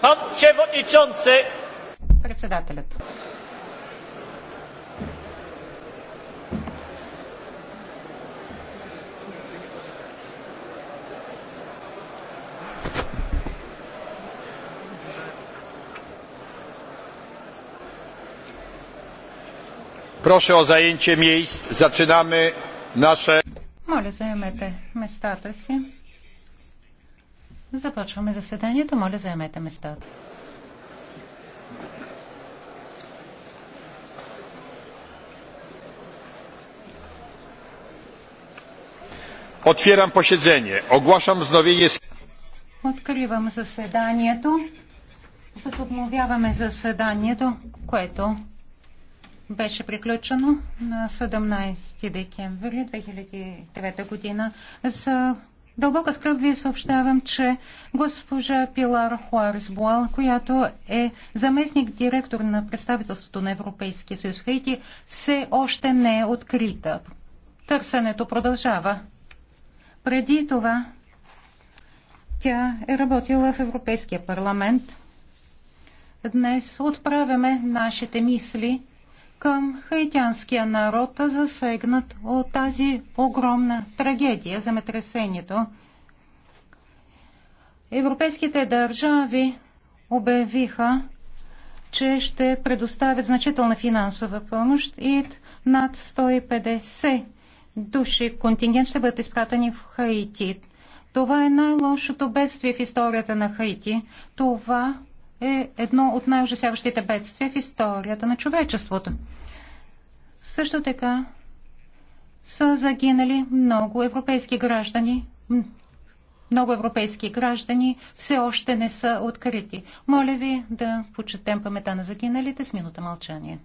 Pan przewodniczący! Председателят. Proszę o zajęcie miejsc. Zaczynamy nasze. Моля, заемете местата си. Започваме заседанието. Моля, заемете местата. Отварям поседение. Оглашам зновение. Откривам заседанието. Възобновяваме заседанието, което беше приключено на 17 декември 2009 година. За дълбока скръп ви съобщавам, че госпожа Пилар Хуарес Буал, която е заместник директор на представителството на Европейския съюз Хейти, все още не е открита. Търсенето продължава. Преди това тя е работила в Европейския парламент. Днес отправяме нашите мисли към хаитянския народ, засегнат от тази огромна трагедия, земетресението. Европейските държави обявиха, че ще предоставят значителна финансова помощ и над 150 души контингент ще бъдат изпратени в Хаити. Това е най-лошото бедствие в историята на Хаити. Това е едно от най-ужасяващите бедствия в историята на човечеството. Също така са загинали много европейски граждани. Много европейски граждани все още не са открити. Моля ви да почетем памета на загиналите с минута мълчание.